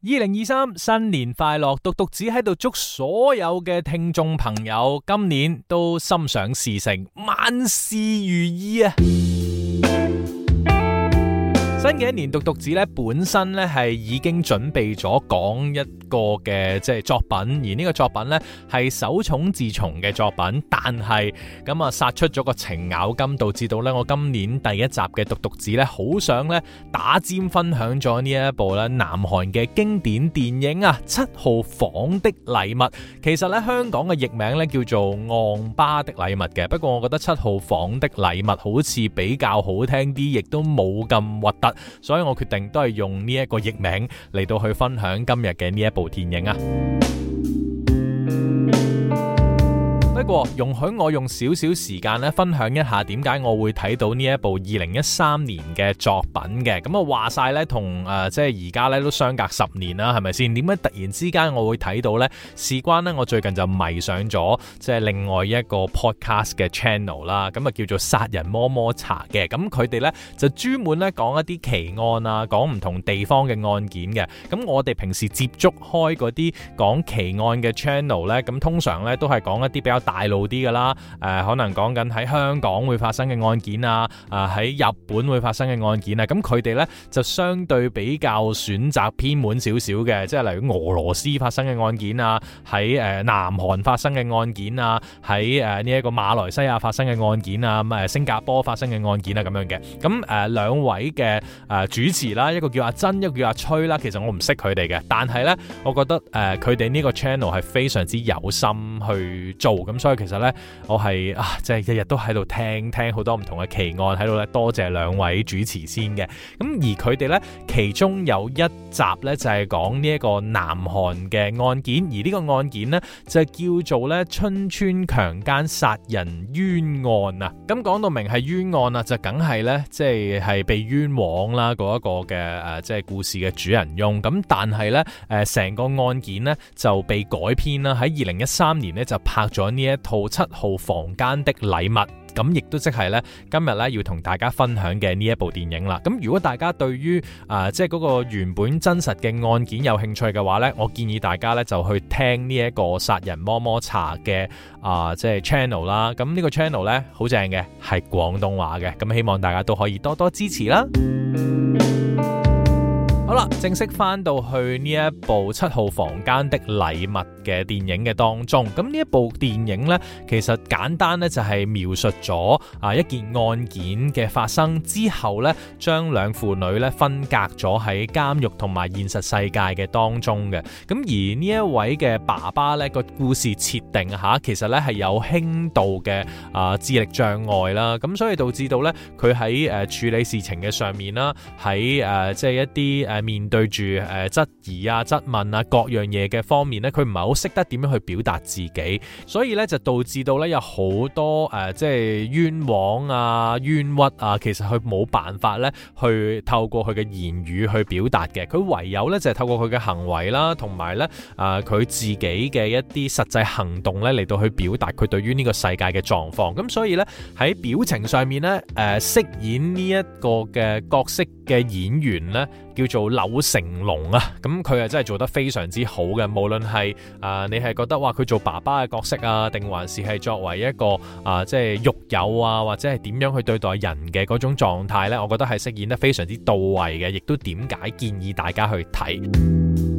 二零二三新年快樂！獨讀子喺度祝所有嘅聽眾朋友，今年都心想事成，萬事如意啊！新嘅一年獨讀子咧，本身咧係已經準備咗講一個嘅即係作品，而呢個作品咧係首重自從嘅作品，但係咁啊殺出咗個程咬金，導致到呢我今年第一集嘅獨讀子呢，好想咧打尖分享咗呢一部咧南韓嘅經典電影啊，《七號房的禮物》，其實呢香港嘅譯名咧叫做《昂巴的禮物》嘅，不過我覺得《七號房的禮物》好似比較好聽啲，亦都冇咁核突。所以我決定都係用呢一個譯名嚟到去分享今日嘅呢一部電影啊。容許我用少少時間咧，分享一下點解我會睇到呢一部二零一三年嘅作品嘅。咁啊話晒咧，同誒即係而家咧都相隔十年啦，係咪先？點解突然之間我會睇到呢？事關呢，我最近就迷上咗即係另外一個 podcast 嘅 channel 啦。咁啊叫做《殺人摸摸查》嘅。咁佢哋呢就專門咧講一啲奇案啊，講唔同地方嘅案件嘅。咁我哋平時接觸開嗰啲講奇案嘅 channel 呢，咁通常呢都係講一啲比較大。大路啲㗎啦，誒、呃、可能講緊喺香港會發生嘅案件啊，誒、呃、喺日本會發生嘅案件啊，咁佢哋咧就相對比較選擇偏門少少嘅，即係例如俄羅斯發生嘅案件啊，喺誒、呃、南韓發生嘅案件啊，喺誒呢一個馬來西亞發生嘅案件啊，咁、呃、誒新加坡發生嘅案件啊咁樣嘅，咁誒、呃、兩位嘅誒、呃、主持啦，一個叫阿珍，一個叫阿崔啦，其實我唔識佢哋嘅，但係咧，我覺得誒佢哋呢個 channel 係非常之有心去做咁。所以其實呢，我係啊，即係日日都喺度聽聽好多唔同嘅奇案喺度咧。多謝兩位主持先嘅。咁而佢哋呢，其中有一集呢，就係講呢一個南韓嘅案件，而呢個案件呢，就叫做呢「春川強姦殺人冤案啊。咁講到明係冤案是、就是、冤啊，就梗、是、係呢，即係係被冤枉啦嗰一個嘅誒，即係故事嘅主人翁。咁但係呢，誒，成個案件呢，就被改編啦。喺二零一三年呢，就拍咗呢。一套七號房間的禮物，咁亦都即係呢。今日呢，要同大家分享嘅呢一部電影啦。咁如果大家對於誒即係嗰個原本真實嘅案件有興趣嘅話呢，我建議大家呢，就去聽呢一個殺人摸摸查嘅啊即係 channel 啦。咁、這、呢個 channel 呢，好正嘅，係廣東話嘅。咁希望大家都可以多多支持啦。好啦，正式翻到去呢一部《七號房間的禮物》嘅電影嘅當中，咁呢一部電影呢，其實簡單呢，就係描述咗啊一件案件嘅發生之後呢，將兩父女呢分隔咗喺監獄同埋現實世界嘅當中嘅。咁而呢一位嘅爸爸呢，個故事設定吓，其實呢係有輕度嘅啊、呃、智力障礙啦，咁所以導致到呢，佢喺誒處理事情嘅上面啦，喺誒即係一啲誒。呃面對住誒質疑啊、質問啊，各樣嘢嘅方面呢，佢唔係好識得點樣去表達自己，所以呢就導致到呢有好多誒、呃，即係冤枉啊、冤屈啊。其實佢冇辦法呢去透過佢嘅言語去表達嘅。佢唯有呢就係、是、透過佢嘅行為啦，同埋呢啊，佢、呃、自己嘅一啲實際行動呢嚟到去表達佢對於呢個世界嘅狀況。咁所以呢，喺表情上面呢，誒、呃，飾演呢一個嘅角色嘅演員呢。叫做柳成龍啊，咁佢啊真係做得非常之好嘅，無論係啊你係覺得話，佢做爸爸嘅角色啊，定還是係作為一個啊、呃、即係獄友啊，或者係點樣去對待人嘅嗰種狀態呢，我覺得係飾演得非常之到位嘅，亦都點解建議大家去睇。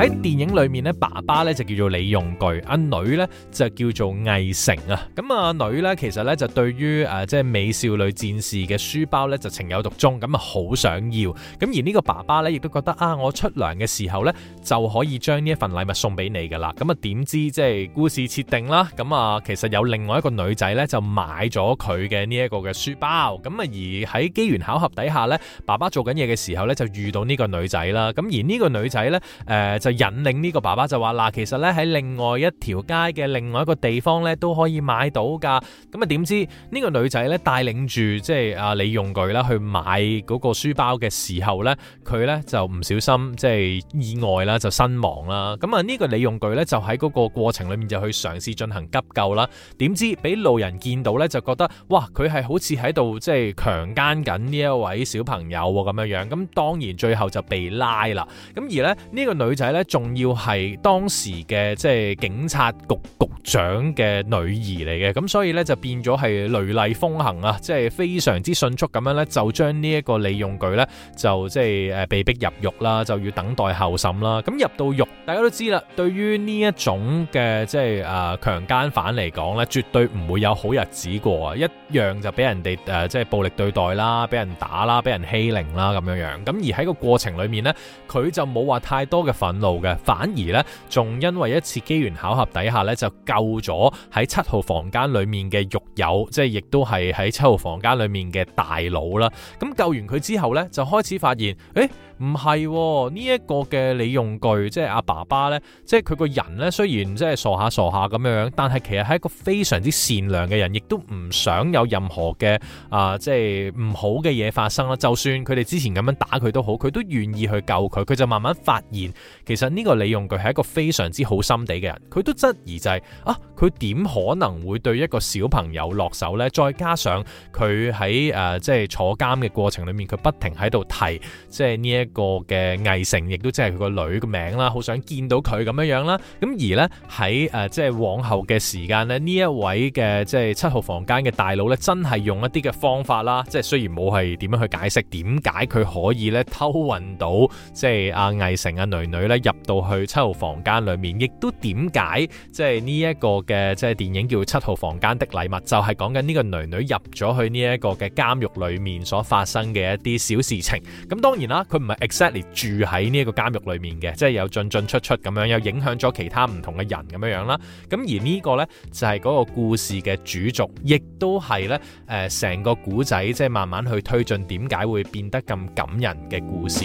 喺電影裏面咧，爸爸咧就叫做李用具，阿女咧就叫做魏成啊。咁啊，阿女咧其實咧就對於誒即係美少女戰士嘅書包咧就情有獨鍾，咁啊好想要。咁而呢個爸爸咧亦都覺得啊，我出糧嘅時候咧就可以將呢一份禮物送俾你㗎喇。咁啊點知即係故事設定啦，咁啊其實有另外一個女仔咧就買咗佢嘅呢一個嘅書包。咁啊而喺機緣巧合底下咧，爸爸做緊嘢嘅時候咧就遇到呢個女仔啦。咁而呢個女仔咧誒就引領呢個爸爸就話，嗱，其實咧喺另外一條街嘅另外一個地方咧都可以買到㗎。咁啊，點知呢個女仔咧帶領住即係啊李用具啦去買嗰個書包嘅時候咧，佢咧就唔小心即係意外啦就身亡啦。咁啊呢個李用具咧就喺嗰個過程裏面就去嘗試進行急救啦。點知俾路人見到咧就覺得哇，佢係好似喺度即係強姦緊呢一位小朋友咁樣樣。咁當然最後就被拉啦。咁而咧呢個女仔咧。仲要係當時嘅即係警察局局長嘅女兒嚟嘅，咁所以咧就變咗係雷厲風行啊！即係非常之迅速咁樣咧，就將呢一個利用佢咧就即係誒被逼入獄啦，就要等待候審啦。咁入到獄，大家都知啦，對於呢一種嘅即係誒強奸犯嚟講咧，絕對唔會有好日子過啊！一樣就俾人哋誒、呃、即係暴力對待啦，俾人打啦，俾人欺凌啦咁樣樣。咁而喺個過程裏面咧，佢就冇話太多嘅憤怒。嘅，反而呢，仲因為一次機緣巧合底下呢，就救咗喺七號房間裏面嘅獄友，即係亦都係喺七號房間裏面嘅大佬啦。咁救完佢之後呢，就開始發現，誒、欸，唔係呢一個嘅李龍九，即係阿、啊、爸爸呢，即係佢個人呢，雖然即係傻下傻下咁樣樣，但係其實係一個非常之善良嘅人，亦都唔想有任何嘅啊，即係唔好嘅嘢發生啦。就算佢哋之前咁樣打佢都好，佢都願意去救佢。佢就慢慢發現，其實。其實呢個利用佢係一個非常之好心地嘅人，佢都質疑就係、是、啊，佢點可能會對一個小朋友落手呢？再加上佢喺、誒即係坐監嘅過程裏面，佢不停喺度提即係呢一個嘅魏成，亦都即係佢個女嘅名啦，好想見到佢咁樣樣啦。咁而呢，喺誒、呃、即係往後嘅時間呢，呢一位嘅即係七號房間嘅大佬呢，真係用一啲嘅方法啦，即係雖然冇係點樣去解釋點解佢可以呢偷運到即係阿、啊、魏成阿、啊、女女呢。入到去七號房間裏面，亦都點解即係呢一個嘅即係電影叫《七號房間的禮物》，就係講緊呢個女女入咗去呢一個嘅監獄裏面所發生嘅一啲小事情。咁當然啦，佢唔係 exactly 住喺呢個監獄裏面嘅，即係有進進出出咁樣，又影響咗其他唔同嘅人咁樣樣啦。咁而呢個呢，就係嗰個故事嘅主軸，亦都係呢誒成個古仔即係慢慢去推進，點解會變得咁感人嘅故事。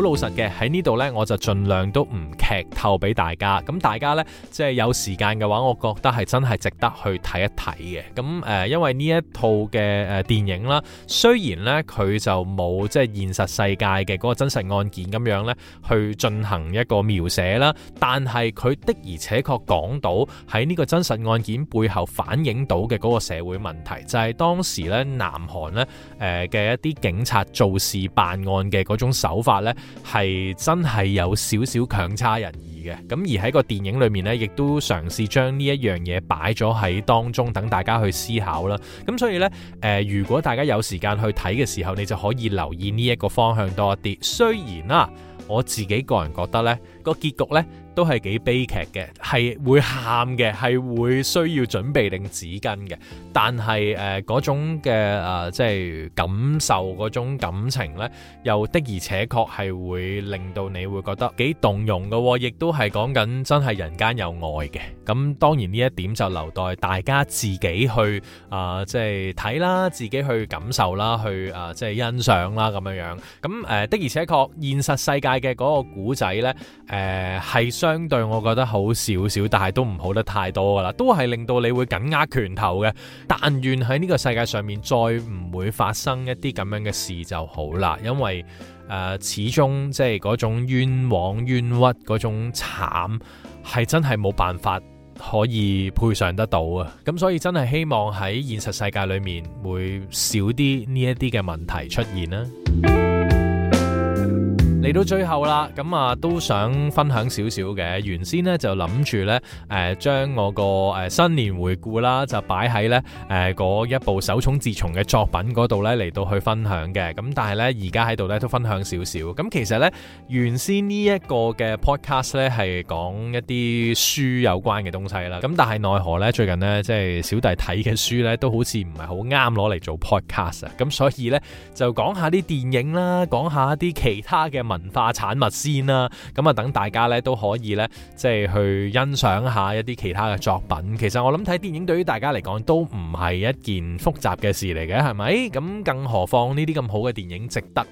好老實嘅喺呢度呢，我就盡量都唔劇透俾大家。咁大家呢，即係有時間嘅話，我覺得係真係值得去睇一睇嘅。咁誒、呃，因為呢一套嘅誒電影啦，雖然呢，佢就冇即係現實世界嘅嗰個真實案件咁樣呢去進行一個描寫啦，但係佢的而且確講到喺呢個真實案件背後反映到嘅嗰個社會問題，就係、是、當時呢南韓呢誒嘅、呃、一啲警察做事辦案嘅嗰種手法呢。係真係有少少強差人意嘅，咁而喺個電影裏面呢，亦都嘗試將呢一樣嘢擺咗喺當中，等大家去思考啦。咁所以呢，誒、呃，如果大家有時間去睇嘅時候，你就可以留意呢一個方向多一啲。雖然啦、啊，我自己個人覺得呢。個結局咧都係幾悲劇嘅，係會喊嘅，係會需要準備定紙巾嘅。但係誒嗰種嘅誒、呃、即係感受嗰種感情咧，又的而且確係會令到你會覺得幾動容嘅喎、哦。亦都係講緊真係人間有愛嘅。咁當然呢一點就留待大家自己去啊、呃、即係睇啦，自己去感受啦，去啊、呃、即係欣賞啦咁樣樣。咁誒、呃、的而且確現實世界嘅嗰個故仔咧。誒係、呃、相對，我覺得好少少，但係都唔好得太多噶啦，都係令到你會緊握拳頭嘅。但願喺呢個世界上面再唔會發生一啲咁樣嘅事就好啦，因為誒、呃、始終即係嗰種冤枉冤屈嗰種慘係真係冇辦法可以賠償得到啊！咁所以真係希望喺現實世界裡面會少啲呢一啲嘅問題出現啦。嚟到最後啦，咁啊都想分享少少嘅。原先咧就諗住咧，誒、呃、將我個誒、呃、新年回顧啦，就擺喺咧誒嗰一部首寵自重嘅作品嗰度咧嚟到去分享嘅。咁但係咧而家喺度咧都分享少少。咁其實咧原先呢一個嘅 podcast 咧係講一啲書有關嘅東西啦。咁但係奈何咧最近咧即係小弟睇嘅書咧都好似唔係好啱攞嚟做 podcast 啊。咁所以咧就講下啲電影啦，講下啲其他嘅。文化產物先啦，咁啊等大家咧都可以咧，即係去欣賞下一啲其他嘅作品。其實我諗睇電影對於大家嚟講都唔係一件複雜嘅事嚟嘅，係咪？咁更何況呢啲咁好嘅電影值得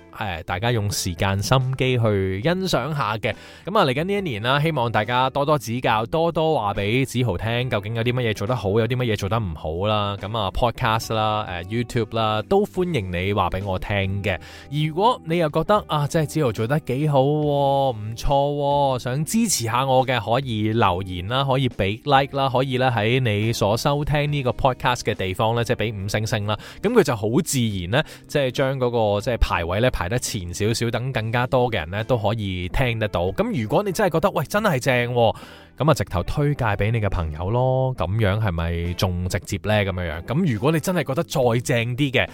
大家用時間心機去欣賞下嘅、啊，咁啊嚟緊呢一年啦，希望大家多多指教，多多話俾子豪聽，究竟有啲乜嘢做得好，有啲乜嘢做得唔好啦。咁啊，podcast 啦，YouTube 啦，都歡迎你話俾我聽嘅。而如果你又覺得啊，即係子豪做得幾好、啊，唔錯、啊，想支持下我嘅，可以留言啦，可以俾 like 啦，可以咧喺你所收聽呢個 podcast 嘅地方咧，即係俾五星星啦。咁佢就好自然咧，即係將嗰個即係排位咧排，前少少，等更加多嘅人咧都可以聽得到。咁如果你真係覺得喂，真係正、啊，咁啊直頭推介俾你嘅朋友咯，咁樣係咪仲直接呢？咁樣樣咁如果你真係覺得再正啲嘅，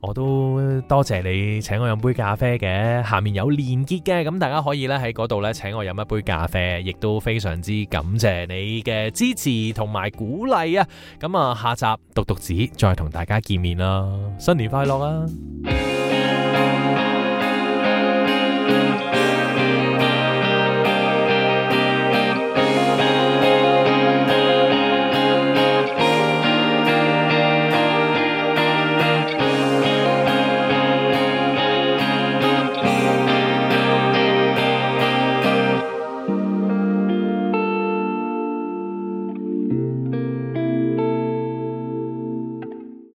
我都多謝你請我飲杯咖啡嘅，下面有鏈接嘅，咁大家可以咧喺嗰度咧請我飲一杯咖啡，亦都非常之感謝你嘅支持同埋鼓勵啊！咁啊，下集獨讀子再同大家見面啦，新年快樂啊！